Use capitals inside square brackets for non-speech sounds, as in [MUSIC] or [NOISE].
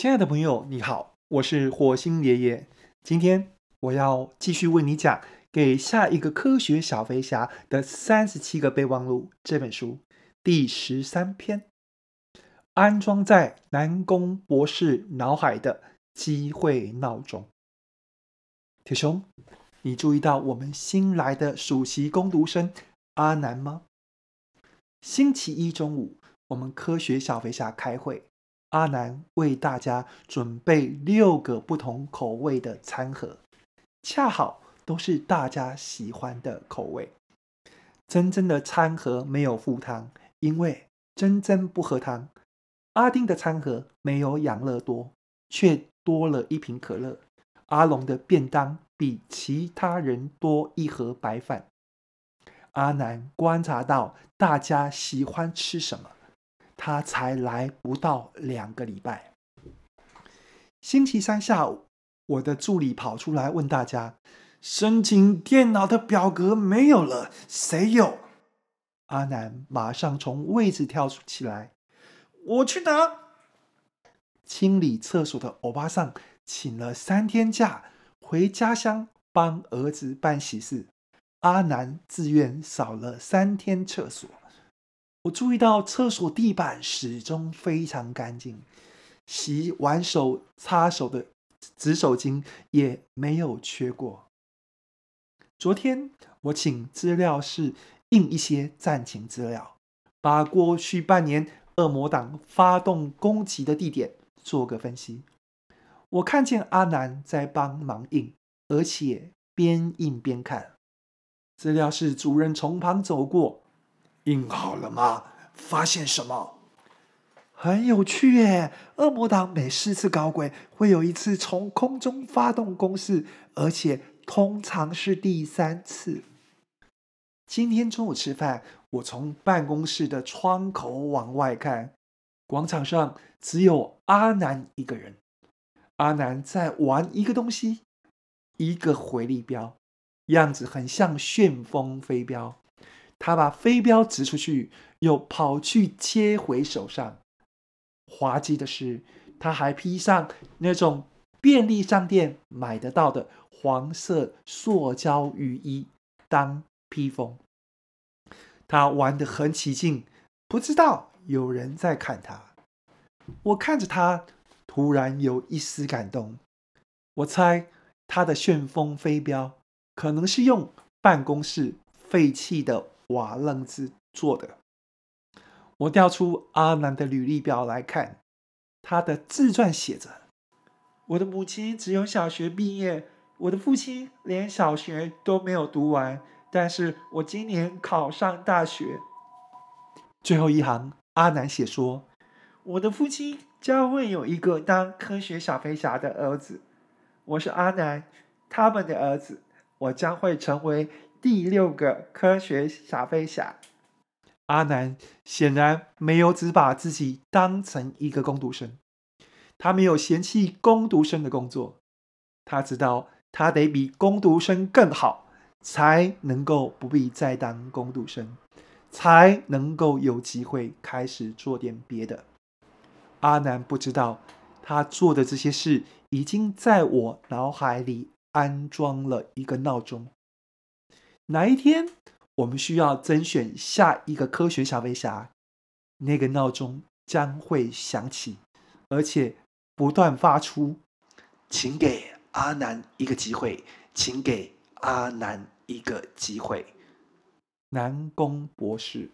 親愛的朋友，你好，我是火星爺爺。今天我要繼續為你講《給下一個科學小飛俠的三十七個備忘錄》這本書第十三篇。安裝在南宮博士腦海的機會鬧鐘。鐵雄，你注意到我們新來的暑期工讀生阿南嗎？星期一中午，我們科學小飛俠開會。阿南為大家準備六個不同口味的餐盒，恰好都是大家喜歡的口味。珍珍的餐盒沒有附湯，因為珍珍不喝湯。阿丁的餐盒沒有養樂多，卻多了一瓶可樂。阿龍的便當比其他人多一盒白飯。阿南觀察到大家喜歡吃什麼。他才來不到兩個禮拜。星期三下午，我的助理跑出來問大家：“申請電腦的表格沒有了，誰有？”阿南馬上從位置跳出起來：“我去拿。”清理廁所的歐巴桑請了三天假，回家鄉幫兒子辦喜事。阿南自願掃了三天廁所。我注意到廁所地板始終非常乾淨，洗完手擦手的紙手巾也沒有缺過。昨天我請資料室印一些戰情資料，把過去半年惡魔黨發動攻擊的地點做個分析。我看見阿南在幫忙印，而且邊印邊看。資料室主任從旁走過。印好了嗎？發現什麼？很有趣耶！惡魔黨每四次搞鬼，會有一次從空中發動攻勢，而且通常是第三次。今天中午吃飯，我從辦公室的窗口往外看，廣場上只有阿南一個人。阿南在玩一個東西，一個回力鏢，樣子很像旋風飛鏢。他把飛鏢擲出去，又跑去接回手上。滑稽的是，他還披上那種便利商店買得到的黃色塑膠雨衣當披風。他玩得很起勁，不知道有人在看他。我看着他，突然有一絲感動。我猜他的旋風飛鏢可能是用辦公室廢棄的。瓦楞子做的。我調出阿南的履歷表來看，他的自傳寫着：“我的母親只有小學畢業，我的父親連小學都沒有讀完。”但是，我今年考上大學。最後一行，阿南寫說 [NOISE] ：“我的父親將會有一個當科學小飛俠的兒子。我是阿南，他們的兒子，我將會成為。”第六個科學小飛俠，阿南顯然沒有只把自己當成一個工讀生，他沒有嫌棄工讀生的工作，他知道他得比工讀生更好，才能夠不必再當工讀生，才能夠有機會開始做點別的。阿南不知道，他做的這些事已經在我腦海裡安裝了一個鬧鐘。哪一天我們需要甄選下一個科學小飛俠，那個鬧鐘將會響起，而且不斷發出。請給阿南一個機會，請給阿南一個機會，南宮博士。